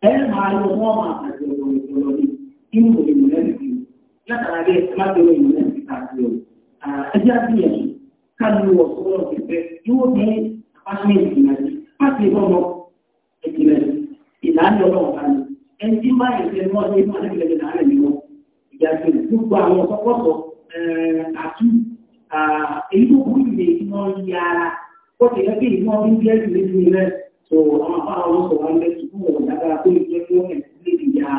ẹ máa lọ wọ́n máa tàbí ọ̀rọ̀ ìṣòro ní inú ìlú lẹ́sìn yìí látara bí ẹ má bẹ̀rẹ̀ ìlú lẹ́sìn káàkiri o ẹjẹ́ àbíyànjú káàdì wọ̀ sọ́wọ́ ìfẹ́ yóò ní apáṣẹ ìgbìyànjú láti ìbọnmọ ìgbìyànjú ìlànà ọlọ́run kan ẹni tí máa ń ṣe mọ́ ní ìmọ̀ àdébìlẹ̀ ìlànà ìlú wọn ìyàtọ̀ gbogbo àwọn sọ́kọ́sọ àtú èyí tó kú ìdè ìmọ̀ yára ó ti lẹ́gbẹ̀ẹ́ ìmọ̀ ń gbẹ́rù lẹ́sìn rẹ̀ tó àwọn afárá wọn sọ̀rọ̀ agbára tó lè jẹ́ kí wọ́n yẹn lè fi ya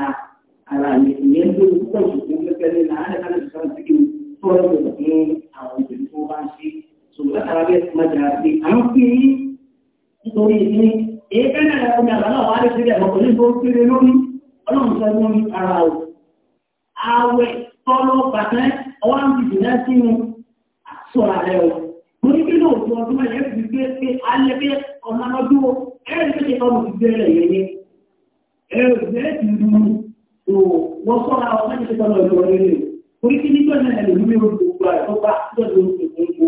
ara rẹ̀ ìyẹn tó pọ̀ jù fún pẹ́pẹ́ ní láàárín láti fi sáà sí kí wọ́n tọ́lọ̀ ní àwọn obìnrin tó bá ń ṣe ṣùgbọ́n látara bẹ́ẹ̀ ti máa jà pé à ń fi nítorí ní èékẹ́ náà ẹ̀kọ́ ní àbálọ̀ wà á lè ṣe bẹ́ẹ̀ mọ̀kànlé tó kéré lórí ọlọ́run sọ fún ara o àwẹ̀ tọ́lọ́ bàtẹ́ ọwọ́ à ń fi jìnnà sínú sọ̀rọ̀ rẹ̀ o mo ní kí lóòótọ́ ọdún mẹ́rin ẹ̀ fi gbé pé alẹ́ pé ọmọ ọdún ẹ̀rí pé kí ọmọ ti gbé rẹ̀ yẹn ẹ̀rọ ìgbẹ́lẹ̀ ti lu tó wọ́n sọ́ra wọn láti ṣe tọ́lọ̀ ìlú ọ̀rẹ́ rẹ̀ orí kí nígbà náà ẹ̀rọ ìlú mẹ́rin tó gba ẹ̀kọ́ bá tó lọ sí ìpín ipò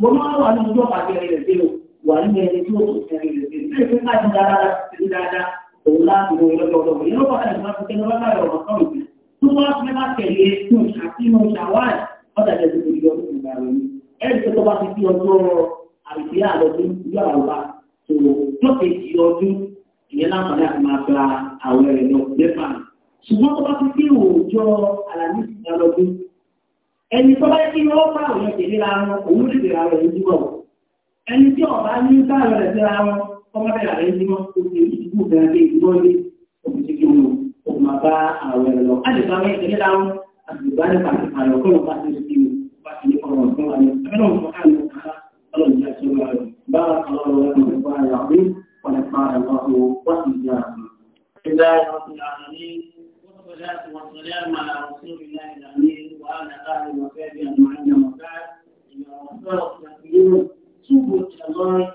mo máa wà ní ojú ọ̀pá kẹrin rẹ̀ sílò wà ní ẹni tí ó tó kẹrin rẹ̀ sílò bí ẹgbẹ́ láti dáadáa ti rí dáadáa òun láti wọ ìlọ́jọ́ ọlọ́run yẹn lọ́kọ̀ ẹ̀rọ máa fi kẹ́ lọ́wọ́ láàrọ̀ ọ̀nà kan òkè tó wá fi máa tẹ̀lé fún ìṣàfihàn ṣàwáì ọ̀dà jẹ́ ti fi ọdún ìgbà rẹ̀ ni ẹ̀rí tó bá ti fi ọjọ́ àìsí àlọ́dún yóò àrùbá tó lọ́kẹ̀ẹ́jì ọdún ìyẹn láǹfààní àti máa gba àwọn ẹ̀rẹ̀ lọ lẹ́fà ṣùgbọ́n tó bá ti dé òòjọ́ àlàní ìgbà lọ́dún ẹni tó bá yẹ kí wọ́n bá àwọn ẹ̀jẹ̀ níra wọn òun lè bèrè àwọn ẹ̀yìn dúró ẹni tí ọ̀bá ní bá àwọn ẹ̀jẹ̀ ra wọn ọmọ bẹ̀rẹ̀ àwọn ẹ̀yìn dúró kò sí ìdìbò bẹ̀rẹ̀ pé ìdúró ilé òun ti kí wọn ò máa bá àwọn ẹ̀rẹ̀ lọ á lè bá ونفعنا الله وإياكم لله رب العالمين والصلاة والسلام على رسول الله الأمين وعلى آله وصحبه أجمعين وبعد إذا وصلت تقديم سبل الله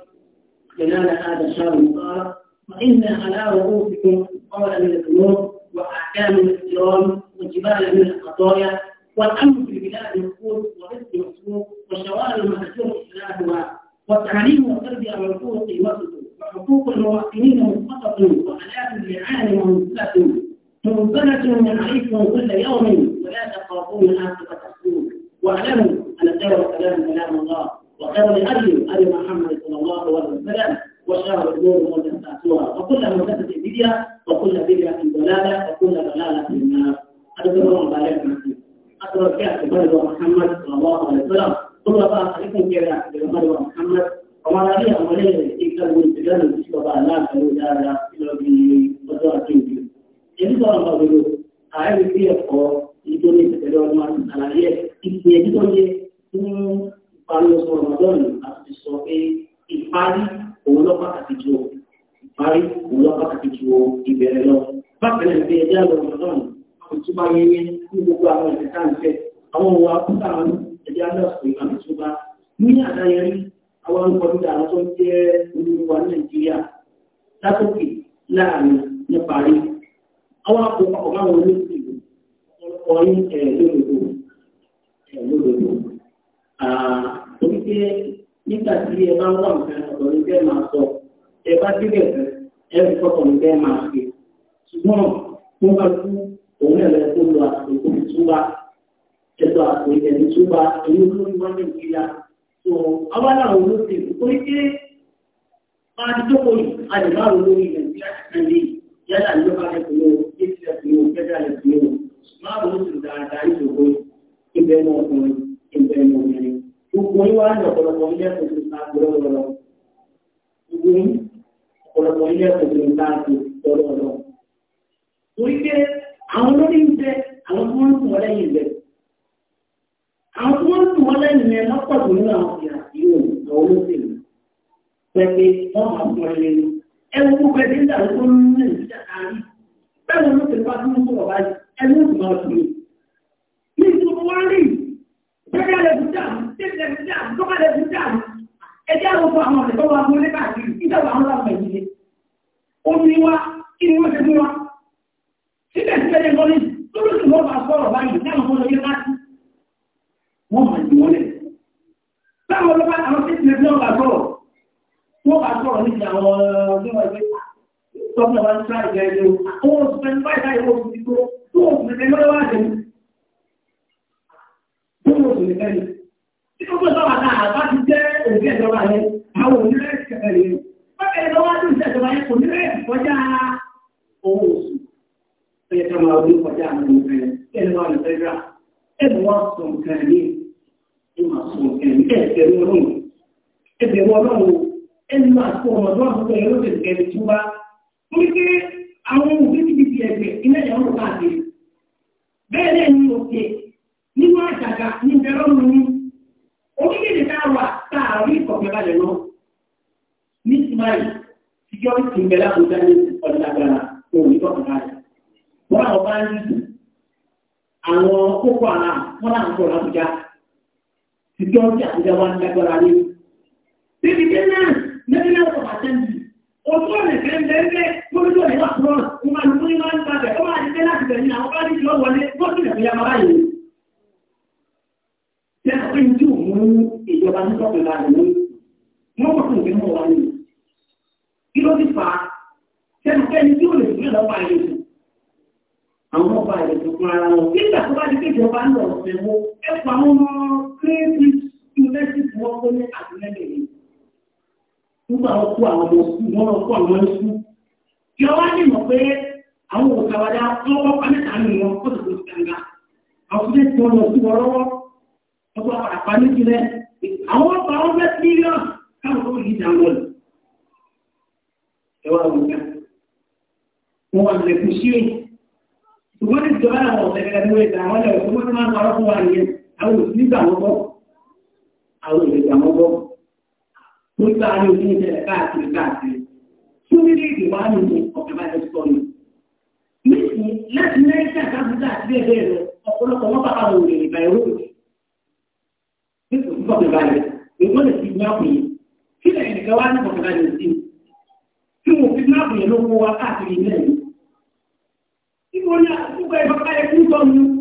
خلال هذا الشهر المبارك فإن على رؤوسكم قول من الذنوب وأحكام من الإجرام وجبال من الخطايا والأمن في البلاد مفقود ورزق مسلوب والشوارع المهجور إلهها والتعليم والتربية مرفوع قيمته وحقوق المواطنين منقطع وآلاف الرعاية منزلة منزلة من عليكم كل يوم ولا تخافون عاقبة السوء واعلموا أن خير الكلام كلام الله وخير الهدي هدي محمد صلى الله عليه وسلم وشر الأمور محدثاتها وكل محدثة بدعة وكل بدعة ضلالة وكل ضلالة في النار هذا كله مبارك مسيح أترك يا محمد صلى الله عليه وسلم ثم بارك عليكم كيف يا محمد ọmọ aláàbí àwọn ẹlẹ́yìn tí káwọn ìgbẹ́lẹ̀ tí bàbá aláàbẹ̀rẹ̀ dáadáa sí lọ bí ọjọ́ àkéjì èyí tó àwọn ọmọ ààrẹ bí ẹ̀kọ́ ìjọ ní ìpẹ̀lẹ̀ ọmọ àlàyé ìpè ẹ̀jú tó yẹ fún ìparí ọsọ ọmọdọ́ọ̀nù àti sọ pé ìparí òun lọ pàtàkì ju ìparí òun lọ pàtàkì ju ìbẹ̀rẹ̀ lọ bákan náà bí ẹjẹ́ àlọ́ ọmọdọ́ọ̀nù àwọn ìtúbà yẹyẹ ní gbogbo àwọn ìtẹ̀káǹtẹ̀ àwọn òun akúta àwọn olùkọ́dúdà àwọn tó ń jẹ́ olùwà nàìjíríà látòkè láàrin ní parí àwọn àpòpọ̀ ọ̀gáwọn olóṣèlú ọ̀pọ̀ ní ẹ̀ lódodo ẹ̀ lódodo torí pé nígbà tí ẹ bá ń wà nǹkan ọ̀dọ̀ ní bẹ́ẹ̀ máa sọ ẹ bá síbẹ̀ fẹ́ ẹ ń kọ́kọ̀ ní bẹ́ẹ̀ máa ṣe ṣùgbọ́n mo bá tú òun ẹ̀ lẹ́ lọ àpò ìtúbà ẹ̀tọ́ àpò ìtẹ̀lẹ́túbà ẹ̀yìn so àwa náà wọ́n ti rò pé kí máa ti jókòó yìí a lè má ronú ní nàìjíríà kan ní yálà ní ọba ẹ̀kọ́ ní ìṣẹ́ ẹ̀kọ́ ní ìṣẹ́jà ẹ̀kọ́ ní máa ronú sí dáadáa ní ìṣòro ìbẹ̀ ní ọkùnrin ìbẹ̀ ní obìnrin gbogbo yín wá ní ọ̀pọ̀lọpọ̀ ilé ẹ̀kọ́ tó ta gbọ́dọ̀lọ́ gbogbo yín ọ̀pọ̀lọpọ̀ ilé ẹ̀kọ́ tó ta gbọ́dọ̀lọ́ torí pé àwọn tó ń lẹ́yìn yẹn lọ́pọ̀lọpọ̀ pẹ̀lú ní ìjà àárín bẹ́ẹ̀ wọn olóṣèlú bá tún ń sọ̀rọ̀ báyìí ẹni ó sì máa fi ní ìtumọ̀ wá rí gẹ́gẹ́ lè fi dà gẹ́gẹ́ lè fi dà lọ́kà lè fi dà ẹjẹ́ àwọn fún àwọn ọ̀sẹ̀ tó wà fún oníkàkiri ìjọba àwọn ọlọ́pàá ìdílé omi wa kí ni wọ́n wọ́n máa jù wọ́n àwọn tí ìpínlẹ̀ náà Wọ́n lè Tí ó gbọ́dọ̀ Wọ́n sọ nǹkan yìí. e máa sọ ẹ̀mí ẹ̀sẹ̀rú ọlọ́run ẹ̀sẹ̀rú ọlọ́run ẹni máa sọ ọmọdún àkókò ẹ̀rọ tẹ̀sẹ̀ ẹ̀mí tó bá ní pé àwọn ohun tó ti fi ẹ̀sẹ̀ iná ìyàwó káàkiri bẹ́ẹ̀ náà ní òkè nínú àjàgà ní àwọn àwọn ìjọ tí àbújá wa ń lágbára lé. Bébí dé náà lẹ́yìn náà sọ̀rọ̀ àtẹ́ǹtì. Ojú ọ̀nà ìfẹ́ ń bẹ́ẹ̀ bẹ́ẹ̀ lórí ọ̀nà ìwà kúrọ̀ ní máa ní múlí máa ń ta bẹ̀. Ó máa dé láti bẹ̀ ní àwọn bá ní ìjọ wọlé bọ́ọ̀sì ìrẹ̀fẹ́ ya máa yìí. Ṣé àwọn ẹni mú ìjọba ní sọ́kùnrin láti mú? Wọ́n kọ̀ fún òfin wa ní. Kí ló ti fà á? Ṣé àwọn ẹni tí ò lè fún ìlọ́pàá ìrẹsì? Àwọn ọba ìrẹsì fún ara wọn. Nígbà tó bá di pé ìjọba ń lọ kéèkì yunifásitì wọn kó ní àdúgbò yìí nígbà wọn kó àwọn ọmọ sùn wọn lọ kó àwọn sùn kí wọn wá ní mọ̀ pé àwọn òkàwádà wọn wọn pa mẹ́ta nù wọn kó tó tó kànga àwọn tó tó lọ sí wọn lọ́wọ́ wọn tó àpàdà pa méjì rẹ àwọn ọba wọn fẹ́ mílíọ̀nù káwọn tó yìí dàn wọn. ẹ wá wọn ká wọn wà lẹkùn sí i ṣùgbọ́n ní ìjọba àwọn ọ̀sẹ̀ kẹkẹ tó wẹ̀ dà wọn lẹ̀ wọ́n tó máa ń parọ́ fún wa nìyẹn àwọn òṣìṣẹ́ àwọn ọmọ àwọn òṣìṣẹ́ àwọn ọmọ tó gbá ní oníṣẹ́ ìṣẹ̀lẹ̀ káàkiri káàkiri tó ní lè dè wá nínú ọ̀kẹ́ bá ẹ̀sọ́ ni. Nísìnyí láti Nàìjíríà káfíńtà àti ẹ̀rẹ́ rẹ̀ ọ̀pọ̀lọpọ̀ wọn bá àwọn òṣìṣẹ́ ìgbà ẹ̀rọ òṣìṣẹ́. Nítorí fún ọ̀kẹ́ balẹ̀, èèwọ̀ lè fi ní àpòyè. Kí lẹ́yìn nìkan wá ní ọ̀kẹ́ balẹ̀ sí? Kí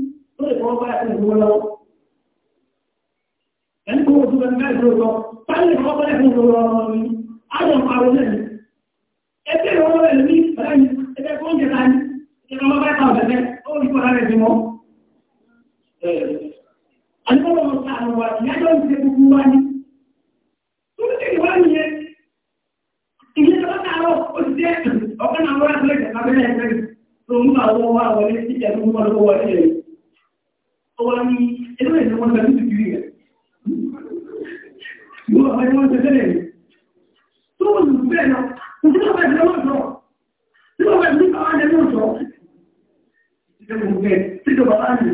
tó lè fọwọ́ báyà fún ìgbówó lọ́wọ́ ẹni kó ojú ẹni báyìí lóòótọ́ táyé lè fọwọ́ báyà fún ìgbówó lọ́wọ́ ni ájọ ń lẹ́nu ẹgbẹ́ ìwọ́n rẹ̀ ní ìwà wá Ìjọba bẹ̀rẹ̀ síjọba bá ní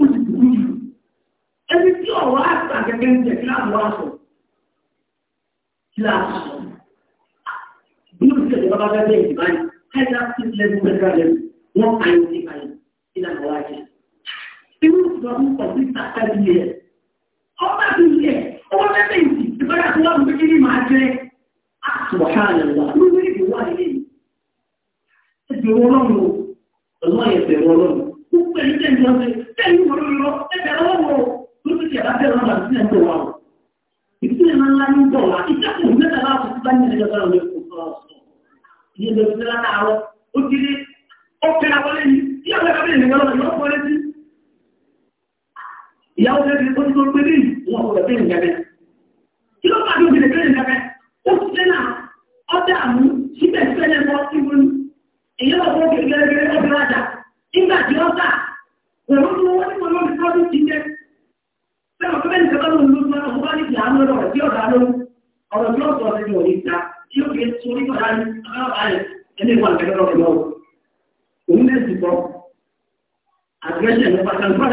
ó ti kú jù. Ẹni tí ọ̀wọ́ àṣà gẹ́gẹ́ ń jẹ kíláàsì wa sọ. Kíláàsì sọ. Bí ó ti ṣe ìjọba bá bẹ́ẹ̀ bẹ́ẹ̀ ìbáyìí, high class level irú ìgbàmú pẹ̀lú ìtàkàrí yẹ. Ọba ti yẹ, ọba mẹ́fẹ́ ìsì, ìbára tó wà lókè ní máa jẹ́ àtùwàhánàlá lórí ìwà ilé. Ẹgbẹ̀rún ọlọ́run o, ọlọ́ ẹgbẹ̀rún ọlọ́run. Gbogbo ẹni tẹ́ ìjọ ṣe, tẹ́lú ìwọ̀n lọ, ẹgbẹ̀rún ọlọ́run o, lórí ti àbá bẹ̀rẹ̀ ọ̀la sí ẹ̀tọ́ wa o. Ìdílé máa ń lá ní bọ̀ wá, ìjẹ́kùn mẹ́ta láti bá ní ẹ̀jọ̀ bá ọ̀lẹ́ kò sọ ọ̀sọ̀. Ìyẹn lọ sí lára àárọ̀, ó kiri, ó kẹ́ra wọlé ni, yóò fẹ́ ìyàwó lẹ́bi ó ti tó gbé bí wọn kò lọ sí ìjẹ́bẹ́. kí ló pàdé òbí lè fẹ́ ìjẹ́bẹ́ ó ti fẹ́ náà ọjà mú síbẹ̀ síbẹ̀ lẹ́kọ́ síbu ní. èyí lọ fún gẹ́gẹ́rẹ́gẹ́rẹ́ ó fi rájà nígbà tí ó sà òun tó wọ́n ní wọn lórí fọ́ọ̀dù ti jẹ́. fẹ́ràn fẹ́ bẹ́ẹ̀ nìkan lóun ló ń lọ fún báyìí àánú ọ̀rọ̀ tí ọ̀dà ló ọ̀rọ̀ tí ọ̀sọ̀ ti ní òní ta tí ó fi sórí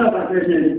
kọ̀ọ̀dà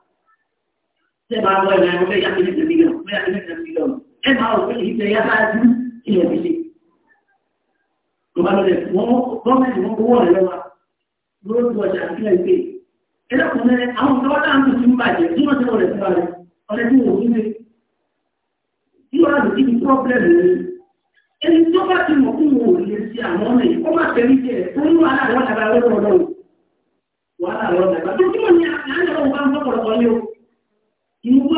Saya bawa bawa yang saya yakin itu tiga, saya yakin itu tiga. Saya bawa ke hijau saya tidak bisa. Kemudian dia mau, komen mau bawa lewat. Dua dua jam kita Kita kemudian awak tahu tak antus jumpa je, cuma saya boleh tahu. Oleh itu ini, dia ada di problem ini. Ẹni tó bá ti mọ̀ fún wo lè ṣe àwọn ọmọ yìí, ó máa tẹ̀lé jẹ́ torí wàhálà lọ́dàbà lọ́dọ̀ ọlọ́run. Wàhálà lọ́dàbà tó túmọ̀ ní àná ọ̀gá ń bọ̀ pọ̀lọpọ̀ ní o.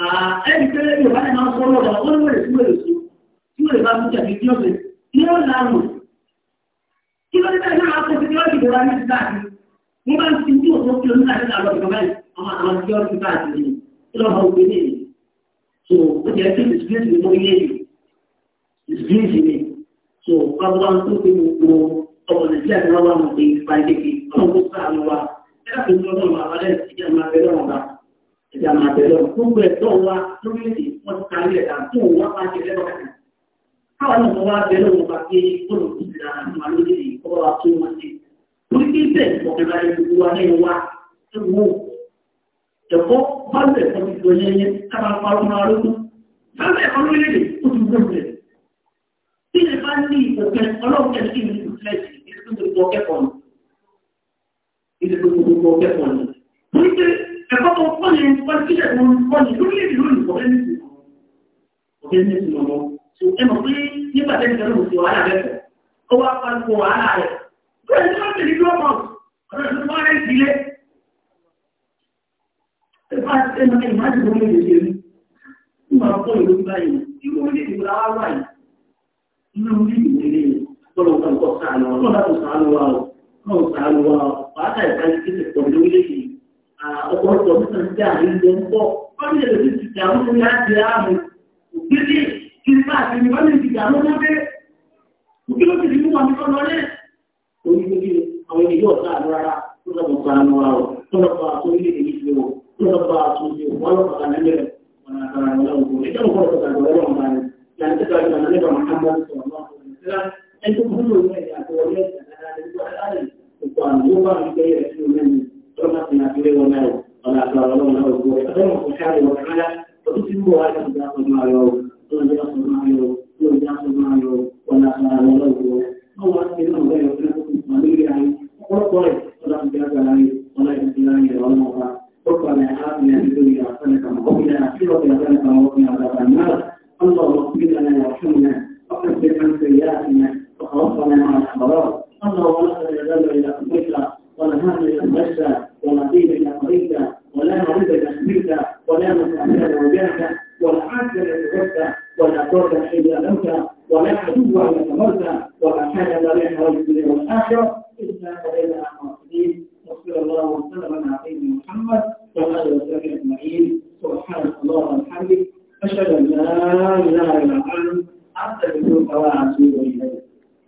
Ah, ẹni tẹ́lẹ̀ ní ọ̀bá náà sọ lọ́dọ̀ wọ́n ní wẹ̀rẹ̀ sí wẹ̀rẹ̀ sí tí wọ́n lè bá mújà ní ọ̀sẹ̀ ní ó lárùn kí ló dé náà á kọsí ní ọ̀sẹ̀ ìgbòrá ní ìgbà àti wọ́n bá ń fi tí òṣò kí onígbà ní àlọ́ ìgbà àwọn àwọn tí ó ti bá àti ní kí ló bá gbé ní so ó jẹ́ kí ìsìnkú mú ilé ìsìnkú ní so bábá ń tó pé gbogbo ọmọ nàìjíríà ìjà máa tẹ̀lé ọ̀hún gbogbo ẹ̀tọ́ wa lórílẹ̀-èdè wọn ti parí ẹ̀dá tó wá bá ti rẹ́ bọ́kàtà. káwọn náà wá bẹ̀rẹ̀ wọn bá gbé olùkú ti dára nínú alórílẹ̀-èdè ọba wa tó wọn ṣe. torí pé bẹ́ẹ̀ ọ̀kẹ́lá ìlú wa lẹ́nu wa ẹ wo ẹ̀kọ́ bá lẹ̀ ẹ̀kọ́ ti sọ yẹn yẹn kábà pa ọmọ wa lókun. sábẹ́ ẹ̀kọ́ ó ti gbó rẹ̀ ẹ̀kọ́ tó kọ́ ní pọ́lítíṣẹ̀ tó ń kọ́ ní lórílẹ̀-èdè lónìí kò bẹ́ẹ̀ nìsí kò bẹ́ẹ̀ nìsí lọ́wọ́ tó ẹnu pé nígbà tẹ́lẹ̀ tẹ́lẹ̀ òsì wàhálà rẹ̀ ó wá pariwo wàhálà rẹ̀ tó ẹ̀ tó tẹ̀lé tó mọ̀ ọ̀rọ̀ tó wá rẹ̀ sílẹ̀ ẹ̀fà ẹnu ẹ̀ má ti lórí èdè rí ń máa kọ́ ìlú báyìí irú orílẹ̀-èdè wo la wá wà yìí inú orílẹ̀-èdè ọ̀pọ̀lọpọ̀ nípa ti àwọn ilé ń bọ̀. Wọ́n lè lòdì ti dààmú ní láti ààbò. Òkèlè kí n bá àti ní wọ́n lè ti dààmú ní abẹ́rẹ́. Òkèlè ti di mú wọn nìkan lọ lẹ́. Orí gbogbo àwọn ènìyàn yóò sá àlọ́ rárá tó lọ́pọ̀ pa àánú wa o. Tó lọ́pọ̀ àtó ilé èyí ti wọ̀. Tó lọ́pọ̀ àtó ilé wọ́n lọ́pọ̀ kan nílẹ̀ wọn àtàrà wọn lọ́wọ́. Ìjọba ọ̀pọ̀lọpọ̀ kan lọ́wọ́ wọn bá ní. Yàrá tó kàwé kan nílẹ̀ wọn àmọ́ sọ̀rọ̀ náà. Ẹni tó kúrò ní ẹ̀yà àtọwọlé ìgbà dáadáa ní gbogbo àlàyé. Ìgbà àwọn yóò bá mi gbé ẹ̀sìn omi رحمتنا في ليل ونال ونعفى ولونا وزوه أدام سبحانه وتعالى فتسلوا هذا الداخل معه ونجاصل معه ونجاصل معه ونعفى ولوه الله أكبر غير ونحن مالي عليه وقرب ورد ونحن جاز عليه ونحن جلاني والموضع ربنا آتنا في الدنيا حسنة وفي الآخرة حسنة وقنا عذاب النار اللهم اغفر لنا وارحمنا وكفر عن سيئاتنا وتوفنا مع الأبرار اللهم لا تجعلنا إلى أمرك ولا ونهار إلى ولا ونقيب إلى قريبك ولا مريض إلى خبيرك ولا مسألة إلى وجهك ولا عاقل إلى جبتك ولا ترك حين أمك ولا عدو إلى كبرك ولا حاجة لا يحرج الدنيا والآخرة إلا إلى المعصومين وصلى الله وسلم على سيدنا محمد وعلى آله وصحبه أجمعين سبحانك اللهم الحمد أشهد أن لا إله إلا أنت أستغفرك وأتوب